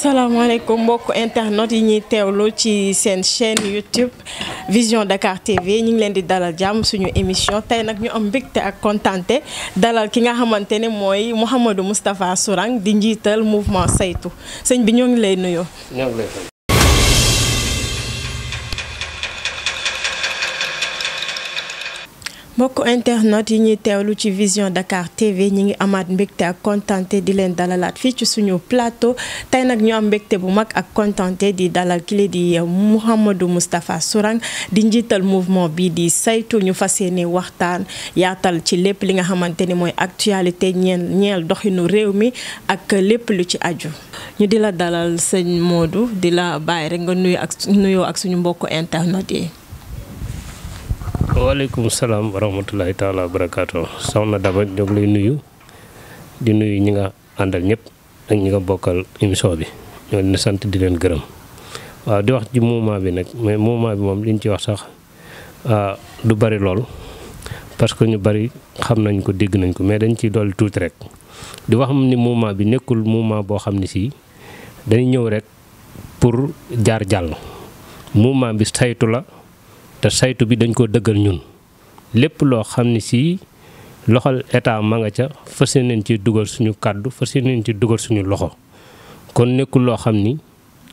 asalaamaaleykum mbokk internet yi ñuy teewlu ci seen chaîne YouTube Vision Dakar TV ñu ngi leen di dalal jàmm suñu émission tey nag ñu am mbégte ak kontante dalal ki nga xamante ne mooy Mouhamadou Moustapha Sourang di njiital mouvement saytu sëñ bi ñoo ngi lay nuyoo. mbokk internet yi ñuy teewlu ci Vision Dakar TV ñi ngi amaat mbégte ak kontaante di leen dalalaat fii ci suñu plateau tey nag ñu am mbégte bu mag ak kontaante di dalal kile di euh, Mouhamadou Moustapha Sourang di njiital mouvement bi di saytu ñu fas yéene waxtaan yaatal ci lépp li nga xamante ni mooy actualité ñeel ñeel doxinu réew mi ak lépp lu ci aju ñu di la dalal sëñ Modou di la bàyyi rek nga nuyu nuyoo ak suñu mbokk internet yi waaleykum salaam wa rahmatulahi taala wa barakaatu soxna Daba ñu ngi lay nuyu di nuyu ñi nga àndal ñëpp ak ñi nga bokkal émission bi ñoo leen sant di leen gërëm waaw di wax ci moment bi nag mais moment bi moom liñ ci wax sax ah, du bari lool parce que ñu bari xam nañ ko dégg nañ ko mais dañ ciy dolli tuuti rek di wax ni moment bi nekkul moment boo xam ne si dañuy ñëw rek pour jaar jàll moment bi saytu la. te saytu bi dañ koo dëggal ñun lépp loo xam ne si loxol état ma nga ca fas nañ ci dugal suñu kàddu fas nañ ci dugal suñu loxo kon nekkul loo xam ni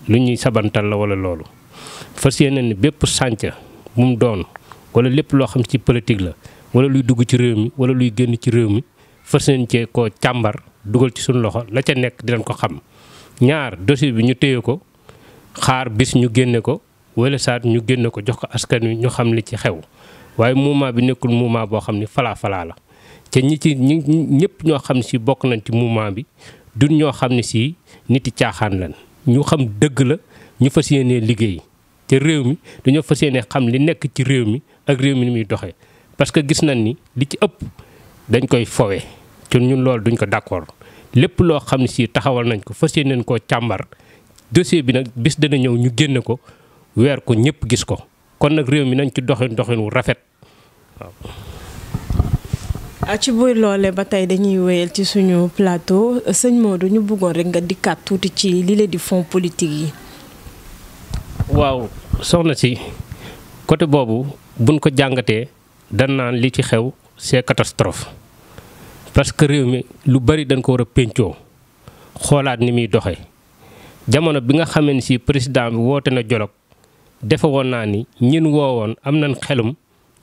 lu ñuy sabantal la wala loolu fas nañ ne bépp sànca bu mu doon wala lépp loo xam ci politique la wala luy dugg ci réew mi wala luy génn ci réew mi fas nañ cee koo càmbar dugal ci suñu loxo la ca nekk dinañ ko xam ñaar dossier bi ñu téye ko xaar bis ñu génne ko wala saat ñu génn ko jox ko askan wi ñu xam li ci xew waaye mouvement bi nekkul mouvement boo xam ni falaa falaa la te ñi ci ñi ñëpp ñoo xam ne si bokk nañ ci mouvement bi du ñoo xam ne si nit caaxaan lan ñu xam dëgg la ñu fas yéenee liggéey te réew mi dañoo fas yéenee xam li nekk ci réew mi ak réew mi ni muy doxee parce que gis nañ ni li ci ëpp dañ koy fowe te ñun loolu duñ ko d'accord lépp loo xam ne si taxawal nañ ko fas yéeneen koo càmbar dossier bi nag bis dana ñëw ñu génne ko weer ko ñëpp gis ko kon nag réew mi nañ ci doxin doxin wu rafet waaw. Ah, ci buy loole ba tey dañuy wéyal ci suñu plateau sëñ Modou ñu bëggoon rekk nga dikkaat tuuti ci li leen di fonds politique yi. waaw soxna si côté boobu buñ ko jàngatee dan naan li ci xew c'est catastrophe parce que réew mi lu bari dañ ko war péncoo xoolaat ni muy doxee jamono bi nga xamee ne si président bi woote na dialogue defe woon naa ni ñin woon am na xelum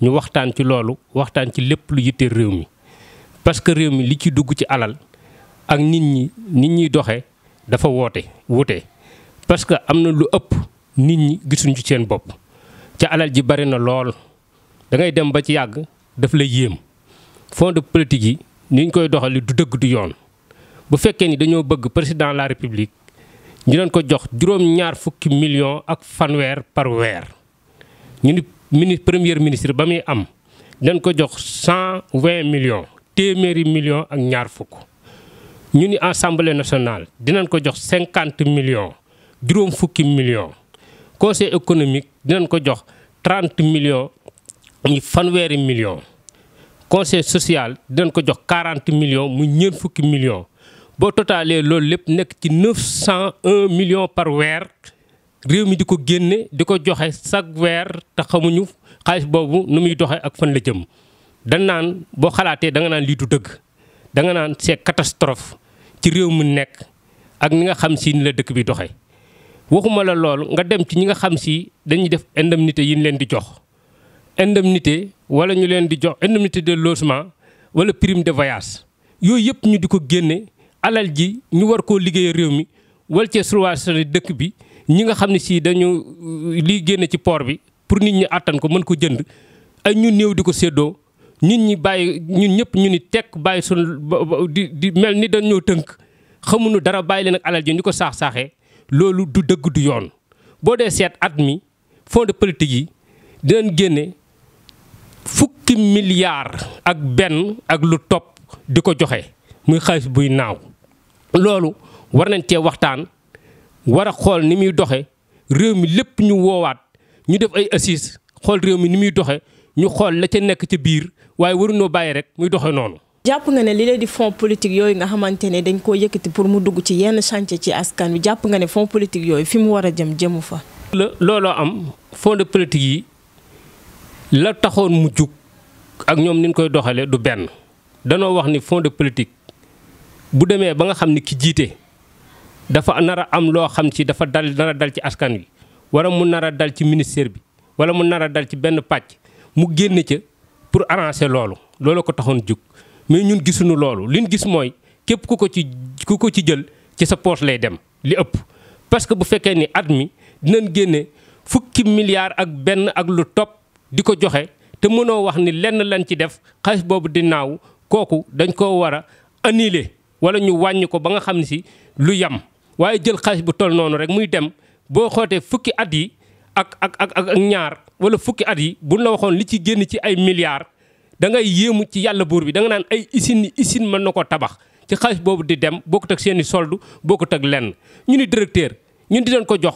ñu waxtaan ci loolu waxtaan ci lépp lu yitte réew mi parce que réew mi li ci dugg ci alal ak nit ñi nit ñuy doxee dafa woote wute parce que am na lu ëpp nit ñi gisuñ ci seen bopp ca alal ji bari na lool da ngay dem ba ci yàgg daf lay yéem fond de politique yi ni ñu koy doxali du dëgg du yoon bu fekkee ni dañoo bëgg président la république ñu doon ko jox juróom-ñaar fukki million ak fanweer par weer ñu ni mini premier ministre ba muy am dañ ko jox cent vingt millions téeméeri million ak ñaar fukk ñu ni assemblée nationale dinañ ko jox cinquante millions juróom fukki million conseil économique dinañ ko jox trente millions muy fanweeri millions conseil social dinañ ko jox quarante millions mu ñeent fukki millions boo totaalee loolu lépp nekk ci neuf cent million par weer réew mi di ko génne di ko joxe chaque weer te xamuñu xaalis boobu nu muy doxee ak fan la jëm da naan boo xalaatee danga naan lii du dëgg da nga naan c'est catastrophe ci réew mu nekk ak ni nga xam si ni la dëkk bi doxe waxuma la loolu nga dem ci ñi nga xam si dañuy def indemnité yi leen di jox indemnité wala ñu leen di jox indemnité de logement wala prime de voyage yooyu yëpp ñu di ko génne alal ji ñu war koo liggéey réew mi wal cee surwaasale dëkk bi ñi nga xam ne si dañu uh, liy génne ci poor bi pour nit ñi àttan ko mën ko jënd ay ñu néew di ko séddoo nit ñi bàyyi ñun ñëpp ñu ni tekk bàyyi sun di mel ni dañoo tënk xamuñu dara bàyyi leen ak alal ji ñu ko saax-saaxee loolu du dëgg du yoon boo dee seet at mi fond de politique yi dinañ génne fukki milliards ak benn ak lu topp di ko joxe muy xaalis buy naaw loolu war nañ cee waxtaan war a xool ni muy doxe réew mi lépp ñu woowaat ñu def ay assises xool réew mi ni muy doxe ñu xool la ca nekk ci biir waaye waruñoo bàyyi rek muy doxe noonu. jàpp nga ne li leen di fonds politique yooyu nga xamante ne dañ koo yëkkati pour mu dugg ci yenn chantier ci askan wi jàpp nga ne fonds politique yooyu fi mu war a jëm jëmu fa. la looloo am fonds de politique yi la taxoon mu jug ak ñoom ni koy doxalee du benn danoo wax ni fonds de politique. bu demee ba nga xam ni ki jiite dafa nar a am loo xam ci dafa dal nar dal ci askan wi wala mu nar a dal ci ministère bi wala mu nar a dal ci benn pàcc mu génn ca pour arranger loolu loolu ko taxoon jóg mais ñun gisuñu loolu liñ gis mooy képp ku ko ci ku ko ci jël ci sa poche lay dem li ëpp parce que bu fekkee ni at mi dina génne fukki milliards ak benn ak lu topp di ko joxe te mënoo wax ni lenn lañ ci def xaalis boobu di naaw kooku dañ koo war a annuler wala ñu wàññi ko ba nga xam ne si lu yam waaye jël xaalis bu toll noonu rek muy dem boo xootee fukki at yi ak ak ak ak ñaar wala fukki at yi buñ la waxoon li ci génn ci ay milliards dangay ngay yéemu ci yàlla buur bi da nga naan ay usine usine mën na koo tabax ci xaalis boobu di dem bokkut ak seen i solde bokkut ak lenn ñu ni directeur ñun dinañ ko jox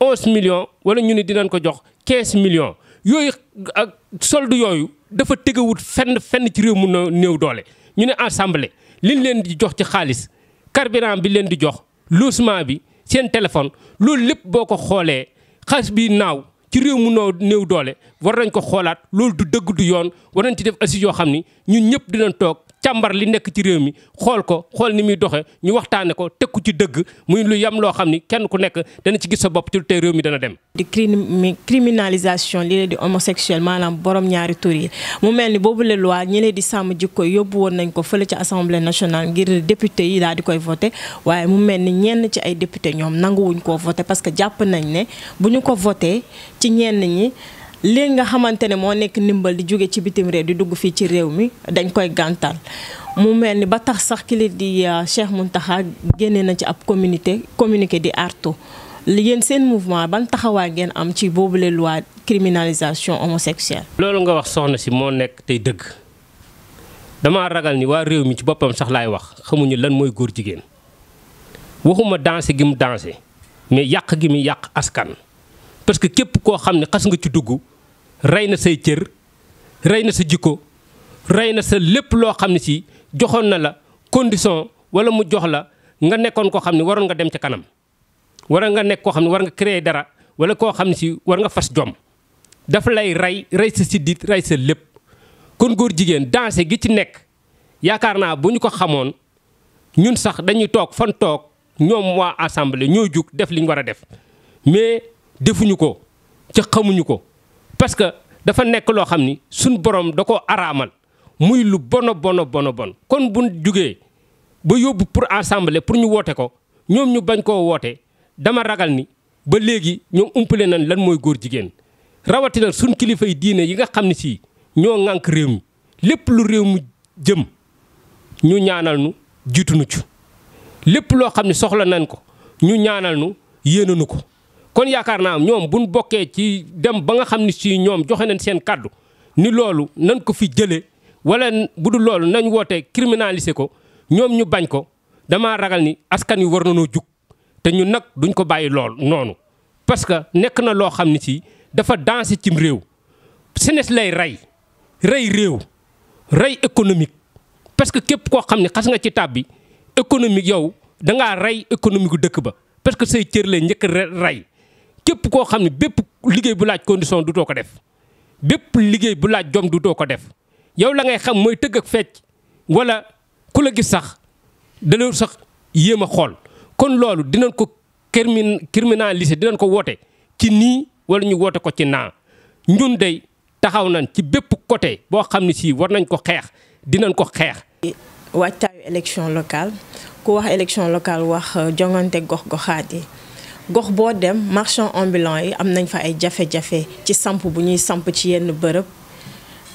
11 million wala ñu ni dinañ ko jox 15 million yooyu ak solde yooyu dafa tegawut fenn fenn ci réew mu néew doole ñu ne assemblée liñ leen di jox ci xaalis carburant bi leen di jox logement bi seen téléphone loolu lépp boo ko xoolee xaalis bi naaw ci réew mu noo néew doole war nañ ko xoolaat loolu du dëgg du yoon war nañ ci def assis yoo xam ni ñun ñëpp dinañ toog càmbar li nekk ci réew mi xool ko xool ni muy doxee ñu waxtaane ko tekku ci dëgg muy lu yam loo xam ni kenn ku nekk dana ci gis sa bopp ci lu tey réew mi dana dem. di criminalisation li leen di homosexuel maanaam borom ñaari tur yi mu mel ni boobu la loi ñi leen di sàmm ko yóbbu woon nañ ko fële ci assemblée nationale ngir député yi daal di koy voté waaye mu mel ni ñenn ci ay député ñoom nanguwuñ koo voté parce que jàpp nañ ne bu ñu ko voté ci ñenn ñi. lii nga xamante ne moo nekk ndimbal di jóge ci bitim réew di dugg fii ci réew mi dañ koy gàntal mu mel ni ba tax sax kili di mun euh, Mountakha génne na ci ab communité communiqué di artu yéen seen mouvement ban taxawaay ngeen am ci boobule loi criminalisation homosexuelle. loolu nga wax soxna si moo nekk tey dëgg dama ragal ni waa réew mi ci boppam sax laay wax xamuñu lan mooy góor jigéen waxuma danse gi mu danse mais yàq gi mu yàq askan parce que képp koo xam ne xas nga ci dugg. rey na say cër rey na sa jikko rey na sa lépp loo xam ne si joxoon na la condition wala mu jox la nga nekkoon koo xam ne waroon nga dem ca kanam wala nga nekk koo xam ne war nga créer dara wala koo xam ne si war nga fas jom dafa lay rey rey sa siddit rey sa lépp kon góor jigéen danse gi ci nekk yaakaar naa bu ñu ko xamoon ñun sax dañuy toog fan toog ñoom waa assemblée ñoo jug def liñ war a def mais defuñu ko ca xamuñu ko parce que dafa nekk loo xam ni suñ borom da koo araamal muy lu bono bono bono bon kon buñ jugee ba yóbbu pour ensemble pour ñu woote ko ñoom ñu bañ koo woote dama ragal ni ba léegi ñoom umpale nañ lan mooy góor jigéen rawatina suñ kilifa yi diine yi nga xam ni sii ñoo ŋànk réew mi lépp lu réew mi jëm ñu ñaanal nu jiitu nu ci lépp loo xam ne soxla nañ ko ñu ñaanal nu yéenanu ko kon yaakaar naa ñoom buñ bokkee ci dem ba nga xam ne si ñoom joxe nañ seen kàddu ni loolu nan ko fi jëlee wala bu du loolu nañ woote criminalisé ko ñoom ñu bañ ko damaa ragal ni askan wi war nañoo jug te ñun nag duñ ko bàyyi lool noonu. parce que nekk na loo xam ne si dafa dansé cim réew senes lay rey rey réew rey économique parce que képp koo xam ne xas nga ci tàbbi économique yow dangaa rey économique gu dëkk ba parce que say cër lay njëkk rey. képp koo xam ne bépp liggéey bu laaj condition du doo ko def bépp liggéey bu laaj jom du doo ko def yow la ngay xam mooy tëgg ak fecc wala ku la gis sax dala sax yéem a xool kon loolu dinañ ko crimin criminaliser dinañ ko woote ci nii wala ñu woote ko ci naa ñun dey taxaw nañ ci bépp côté boo xam ne sii war nañ ko xeex dinañ ko xeex. waajtaayu élection locale ku wax élection locale wax euh, jongante gox goxaat yi. gox boo dem marchand ambulant yi am nañ fa ay jafe-jafe ci samp bu ñuy samp ci yenn bërëb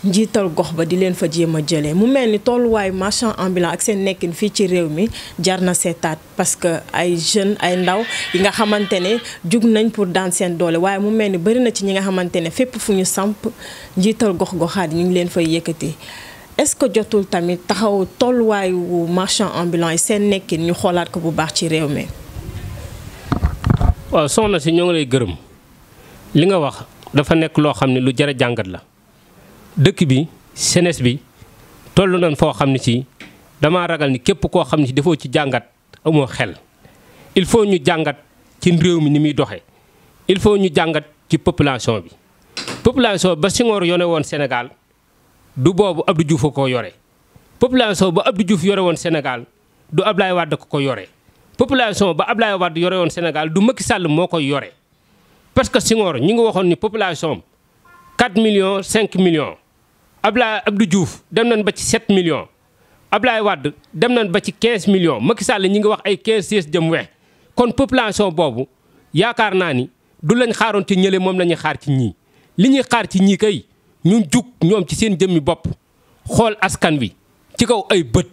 njiital gox ba di leen fa jéem a jëlee mu mel ni tolluwaayu marchand ambulant ak seen nekkin fii ci réew mi jar na seetaat parce que ay jeunes ay ndaw yi nga xamante ne jug nañ pour daan seen doole waaye mu mel ni bëri na ci ñi nga xamante ne fépp fu ñu samp njiital gox goxaat yi ñu ngi leen fay yëkkati. est-ce que jotul tamit taxaw tolluwaayu marchand ambulant yi seen nekkin ñu xoolaat ko bu baax ci réew mi. waaw soxna si ñoo ngi lay gërëm li nga wax dafa nekk loo xam ne lu jar jàngat la dëkk bi senes bi toll nañ foo xam ne si dama ragal ni képp koo xam ne si defoo ci jàngat amoo xel il faut ñu jàngat ci réew mi ni muy doxee il faut ñu jàngat ci population bi population ba Senghor yone woon Sénégal du boobu ab Diouf a ko yore population ba ab Abdou juuf yore woon Sénégal du ab Ablaye Wade ko ko yore population ba Ablaye Wade yore woon Sénégal du Macky Sall moo koy yore parce que Senghor ñi ngi waxoon ni population 4 millions 5 millions Ablaye Abdou Diouf dem nañ ba ci 7 millions Ablaye Wade dem nañ ba ci 15 millions Macky Sall ñi ngi wax ay 15 16 jëm weex kon population boobu yaakaar naa ni du lañ xaaroon ci ñële moom la ñuy xaar ci ñii li ñuy xaar ci ñii kay ñu jug ñoom ci seen jëmmi bopp xool askan wi ci kaw ay bët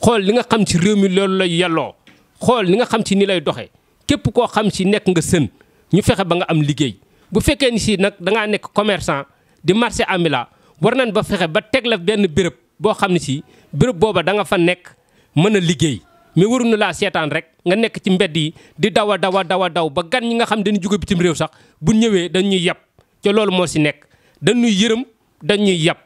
xool li nga xam ci réew mi loolu lay yelloo xool ni nga xam ci ni lay doxee képp koo xam si nekk nga sën ñu fexe ba nga am liggéey bu fekkee ni si nag dangaa nekk commerçant di marché ambulant war nañ ba fexe ba teg la benn béréb boo xam ne si béréb booba da nga fa nekk mën a liggéey mais waruñu laa seetaan rek nga nekk ci mbedd yi di daw a daw daw a daw ba gan ñi nga xam dañu jugo bitim réew sax bu ñëwee dañuy yàpp ca loolu moo si nekk dañuy yërëm dañuy yab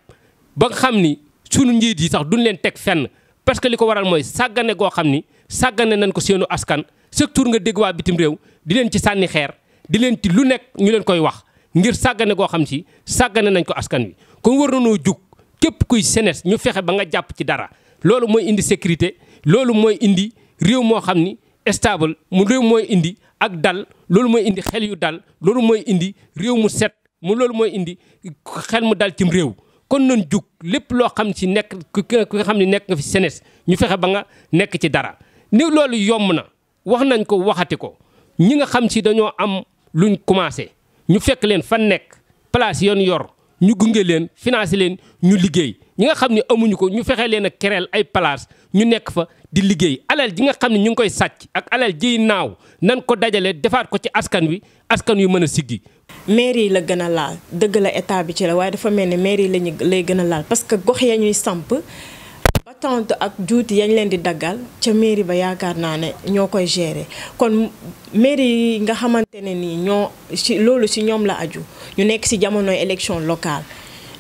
ba xam ni sunu njiit yi sax duñ leen teg fenn parce que li ko waral mooy sàggane goo xam ni sàggane nañ ko seenu askan chaque nga dégg waa bitim réew di leen ci sànni xeer di leen ci lu nekk ñu leen koy wax ngir sàggane goo xam si sàggane nañ ko askan wi kon war na noo jug képp kuy senes ñu fexe ba nga jàpp ci dara loolu mooy indi sécurité loolu mooy indi réew moo xam ni stable mu réew mooy indi ak dal loolu mooy indi xel yu dal loolu mooy indi réew mu set mu loolu mooy indi xel mu dal cim réew kon nañ jug lépp loo xam si nekk ki nga xam ne nekk nga fi senes ñu fexe ba nga nekk ci dara ni loolu yomb na wax nañ ko waxati ko ñi nga xam si dañoo am luñ commencé ñu fekk leen fan nekk place yoon yor ñu gunge leen financé leen ñu liggéey ñi nga xam ne amuñu ko ñu fexe leen ak kereel ay place ñu nekk fa di liggéey alal ji nga xam ne ñu ngi koy sàcc ak alal jiy naaw nan ko dajale defaat ko ci askan wi askan wi mën a siggi. mairie yi la gën a laal dëgg la état bi ci la waaye dafa mel ne mairie yi lañu lay gën a laal parce que gox ya ñuy samp. patente ak juuti yañ leen di daggal ca mairie ba yaakaar naa ne ñoo koy gérer kon mairie yi nga xamante ne nii ñoo loolu ci ñoom la aju ñu nekk ci jamonoy élection locale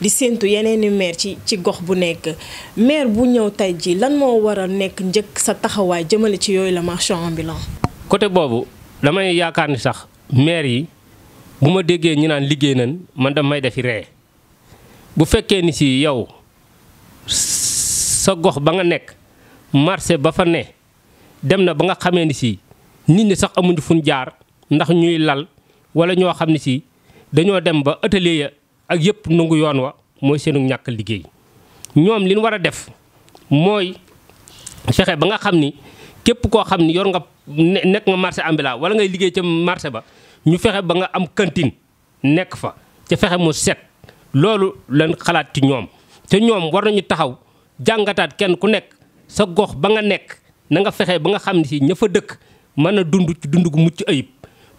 di séentu yeneen i maire ci ci gox bu nekk maire bu ñëw tey jii lan moo war a nekk njëkk sa taxawaay jëmale ci yooyu la marchand ambulant. côté boobu damay yaakaar ni sax maire yi bu ma déggee ñu naan liggéey nañ man damay defi ree bu fekkee ni si yow. sa gox ba nga nekk marché ba fa ne dem na ba nga xamee ni si nit ñi sax amuñu fuñ jaar ndax ñuy lal wala ñoo xam ne si dañoo dem ba atelier ya ak yëpp nangu yoon wa mooy seenu ñàkk liggéey ñoom li ñu war a def mooy fexe ba nga xam ni képp koo xam ni yor nga nekk nga marché ambulant wala ngay liggéey ca marché ba ñu fexe ba nga am kantin nekk fa ca fexe mu set loolu la xalaat ci ñoom te ñoom war nañu taxaw jàngataat kenn ku nekk sa gox ba nga nekk na nga fexe ba nga xam ne si ña fa dëkk mën a dund ci dund gu mucc ayib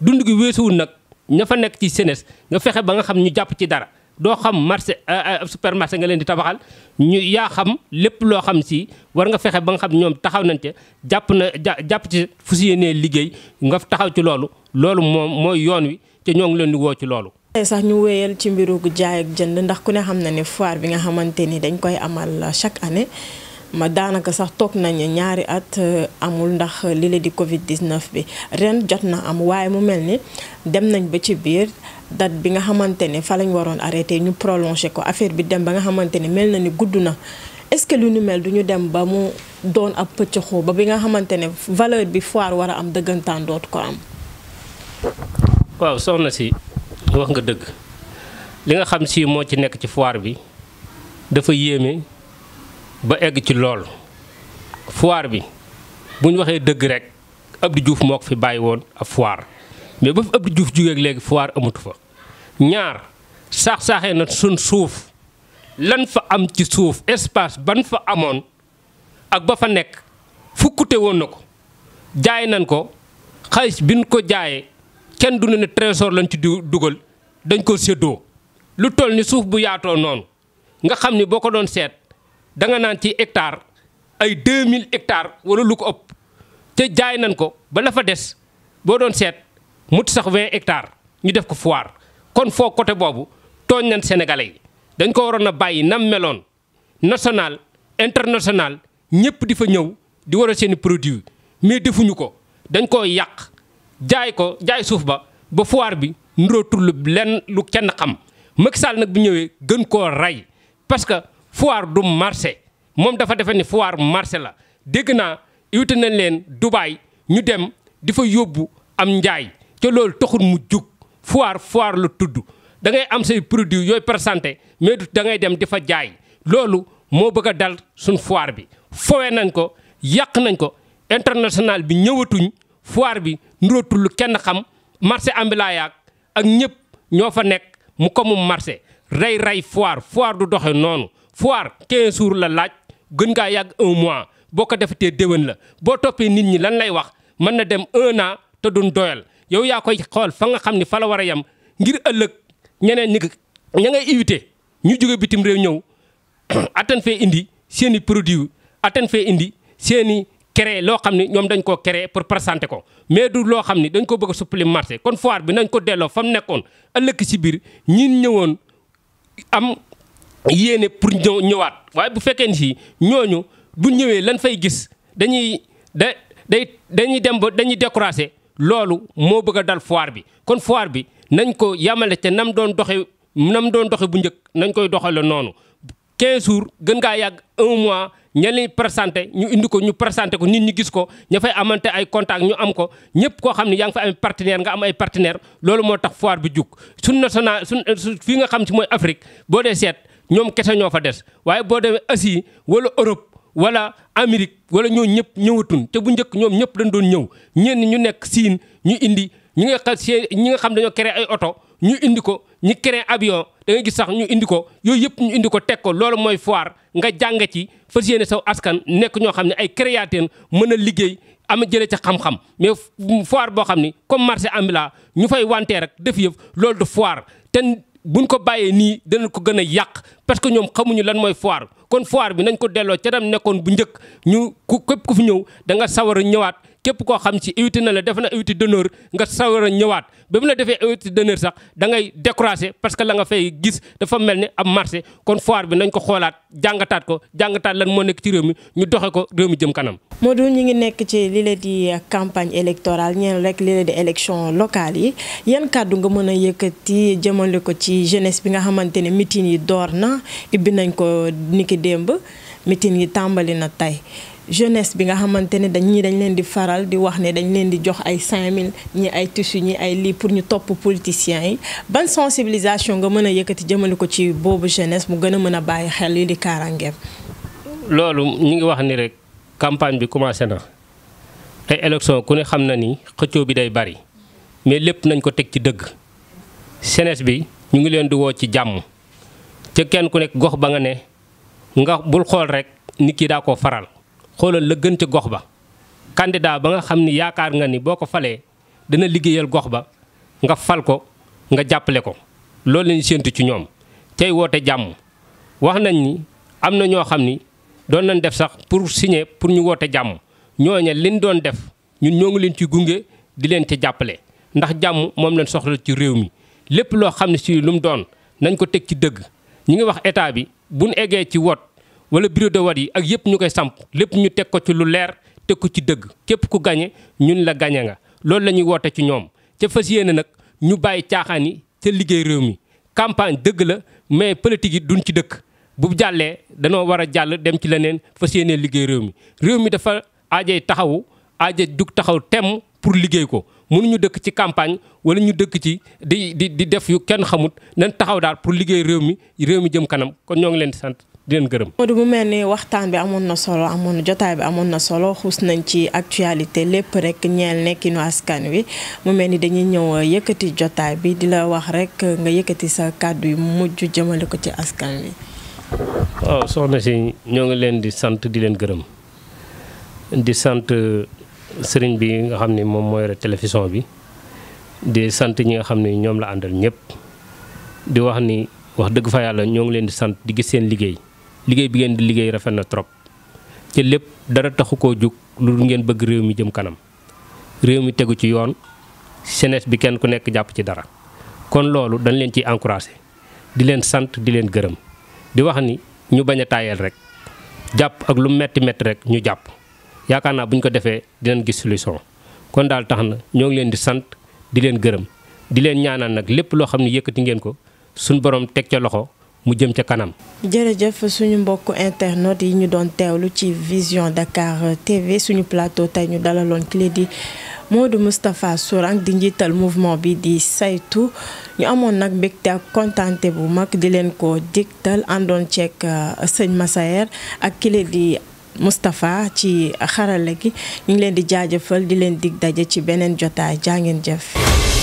dund gi weesuwul nag ña fa nekk ci senes nga fexe ba nga xam ñu jàpp ci dara doo xam marché euh, euh, supermarché nga leen di tabaxal ñu yaa xam lépp loo xam si war nga fexe ba nga xam ñoom taxaw nañ ca jàpp na jàpp ci fu si yéenee liggéey nga taxaw ci loolu loolu moom mooy yoon wi te ñoo ngi leen di woo ci loolu sax ñu wéyal ci mbiru jaay ak jënd ndax ku ne xam na ne foire bi nga xamante ni dañ koy amal chaque année ma daanaka sax toog nañu ñaari at euh, amul ndax li la di Covid 19 bi ren jot na am waaye mu mel ni dem nañ ba ci biir date bi nga xamante ne fa lañ waroon arrêté ñu prolongé ko affaire bi dem ba nga xamante ne mel na ni gudd na. est-ce que lu ni mel du dem ba mu doon ab pëccëxoo ba bi nga xamante ne valeur bi foire war a am dëggantaan dootu ko am. waaw soxna si. wax nga dëgg li nga xam si moo ci nekk ci foire bi dafa yéeme ba egg ci lool foire bi bu ñu waxee dëgg rek Abdou juuf moo ko fi bàyyi woon ab foire mais ba fi Abdou Diouf jógeeg léegi foire amatu fa ñaar saax-saaxee na sun suuf lan fa am ci suuf espace ban fa amoon ak ba fa nekk fukkute woon na ko jaay nañ ko xaalis biñ ko jaayee kenn du ne ne trésor lañ ci dugal dañ ko séddoo lu toll ni suuf bu yaatoo noonu nga xam ni boo ko doon seet da nga naan ci hectare ay 2000 hectares wala lu ko ëpp te jaay nañ ko ba la fa des boo doon seet mut sax 20 hectares ñu def ko foire kon foo côté boobu tooñ nan sénégalais dañ ko waroon a bàyyi nam meloon national international ñëpp di fa ñëw di war seeni produit mais defuñu ko dañ koo yàq jaay ko jaay suuf ba ba foire bi nurootul lenn lu kenn xam Macky Sall nag bi ñëwee gën koo rey parce que foire du marché moom dafa defe ni foire marché la dégg naa yuute nañ leen Dubaay ñu dem di fa yóbbu am njaay ca loolu taxul mu jug foire foire la tudd da ngay am say produit yooyu présenté mais da ngay dem di fa jaay loolu moo bëgg a dal suñ foire bi fowe nañ ko yàq nañ ko international bi ñëwatuñ foire bi nurootul lu kenn xam marché ambulant yaag ak ñëpp ñoo fa nekk mu ko mu marché rey rey foire foire du doxe noonu foire 15 jours la laaj gën ngaa yàgg un mois boo ko defatee déwén la boo toppee nit ñi lan lay wax mën na dem un an te duñ doyal yow yaa koy xool fa nga xam ni fa la war a yem ngir ëllëg ñeneen ñi ña ngay invité ñu jóge bitim réew ñëw attan fee indi seen i produit attan fee indi seeni kere loo xam ni ñoom dañ koo créer pour présenter ko mais du loo xam ni dañ ko bëgg a suppli kon foire bi nañ ko delloo fa mu nekkoon ëllëg si biir ñin ñëwoon am yéene pour ñëw ñëwaat waaye bu fekkee ni si ñooñu bu ñëwee lan fay gis dañuy da day dañuy dem ba dañuy décourager loolu moo bëgg a dal foire bi kon foire bi nañ ko yamale te nam doon doxe nam doon doxe bu njëkk nañ koy doxale noonu 15 jours gën ngaa yàgg un mois ña leen présenté ñu indi ko ñu présenté ko nit ñi gis ko ña fay amante ay contact ñu am ko ñëpp koo xam ne yaa ngi fa am partenaire nga am ay partenaire loolu moo tax foire bi jug suñ national suñ fii nga xam si mooy Afrique boo dee seet ñoom kese ñoo fa des waaye boo demee Asie wala Europe wala Amérique wala ñoo ñëpp ñëwatun te bu njëkk ñoom ñëpp dañ doon ñëw ñenn ñu nekk siin ñu indi ñi nga xam ñi nga xam dañoo créé ay oto ñu indi ko ñi créé avion da ngay gis sax ñu indi ko yooyu yëpp ñu indi ko teg ko loolu mooy foire nga jàng ci fas yéene saw askan nekk ñoo xam ne ay créateurs mën a liggéey am jëlee ca xam-xam mais foire boo xam ni comme marché ambulant ñu fay wanteer rek def yëpp loolu du foire te buñ ko bàyyee nii danañ ko gën a yàq parce que ñoom xamuñu lan mooy foire kon foire bi nañ ko delloo ca dem nekkoon bu njëkk ñu ku képp ku fi ñëw da nga sawar a ñëwaat képp koo xam ci invité na la def na invité d'honneur nga sawar a ñëwaat ba mu la defee invité d'honneur sax dangay ngay parce que la nga fay gis dafa mel ni ab marché kon foire bi nañ ko xoolaat jàngataat ko jàngataat lan moo nekk ci réew mi ñu doxe ko réew mi jëm kanam. Modou ñu ngi nekk ci li la di campagne électorale ñeen rek li di élection locale yi yan kàddu nga mën a yëkkati jëmale ko ci jeunesse bi nga xamante ne meeting yi door na ibbi nañ ko niki démb meeting yi tàmbali na tey. jeunesse bi nga xamante ne dañ ñii dañ leen di faral di wax ne dañ leen di jox ay 5000 ñi ay tissu ñi ay lii pour ñu topp politiciens yi ban sensibilisation nga mën a yëkkati jëmale ko ci boobu jeunesse mu gën a mën a bàyyi xel lii di kaaraangeem. loolu ñu ngi wax ni rek campagne bi commencé na ay élection ku ne xam na ni xëccoo bi day bari mais lépp nañ ko teg ci dëgg jeunesse bi ñu ngi leen di woo ci jàmm ca kenn ku nekk gox ba nga ne nga bul xool rek nit ki daa ko faral. xoolal la gën ca gox ba candidat ba nga xam ni yaakaar nga ni boo ko falee dana liggéeyal gox ba nga fal ko nga jàppale ko loolu lañu séentu ci ñoom tey woote jàmm wax nañ ni am na ñoo xam ni doon nañ def sax pour signer pour ñu woote jàmm ñooña liñ doon def ñun ñoo ngi leen ci gunge di leen ci jàppale ndax jàmm moom lañ soxla ci réew mi lépp loo xam ne si lu mu doon nañ ko teg ci dëgg ñi ngi wax état bi buñ eggee ci woot wala bureau de vote yi ak yëpp ñu koy samp lépp ñu teg ko ci lu leer teg ko ci dëgg képp ku gañe ñun la gañe nga loolu la ñuy woote ci ñoom ca fas yéene nag ñu bàyyi caaxaan yi ca liggéey réew mi campagne dëgg la mais politique yi duñ ci dëkk bu jàllee danoo war a jàll dem ci leneen fas yéene liggéey réew mi réew mi dafa aajay taxawu aajay jug taxaw temm pour liggéey ko mënuñu dëkk ci campagne wala ñu dëkk ci di di di def yu kenn xamut nañ taxaw daal pour liggéey réew mi réew mi jëm kanam kon ñoo ngi leen di sant di leen gërëm. Modou mu mel ni waxtaan bi amoon na solo amoon na jotaay bi amoon na solo xuus nañ ci actualité lépp rek ñeel nekkinu askan wi mu mel ni dañuy ñëw yëkkati jotaay bi di la wax rek nga yëkkati sa kàddu yu mujj jëmale ko ci askan wi. waaw soxna si ñoo ngi leen di sant di leen gërëm di sant euh, sëriñ bi nga xam ne moom moo yore télévision bi di sant ñi nga xam ne ñoom la àndal ñëpp di wax ni wax dëgg fa yàlla ñoo ngi leen di sant di gis seen liggéey. liggéey bi ngeen di liggéey rafet na trop ci lépp dara taxu koo jóg lu ngeen bëgg réew mi jëm kanam réew mi tegu ci yoon jeunesse bi kenn ku nekk jàpp ci dara kon loolu dañ leen ci encouragé di leen sant di leen gërëm di wax ni ñu bañ a taayal rek jàpp ak lu metti metti rek ñu jàpp yaakaar naa bu ñu ko defee dinañ gis solution kon daal tax na ñoo ngi leen di sant di leen gërëm di leen ñaanal nag lépp loo xam ne yëkkati ngeen ko suñ borom teg ca loxo mu jëm ca kanam. jërëjëf suñu mbokku internet yi ñu doon teewlu ci Vision Dakar TV suñu plateau tey ñu dalaloon clé di Modou Moustapha Sourang di njiital mouvement bi di saytu ñu amoon nag mbégte ak kontaante bu mag di leen ko digtal àndoon ceek uh, sëñ Massaer ak kile di. Moustapha ci xarala gi ñu ngi leen di jaajëfal di leen dig daje ci beneen jotaay jaa ngeen jëf.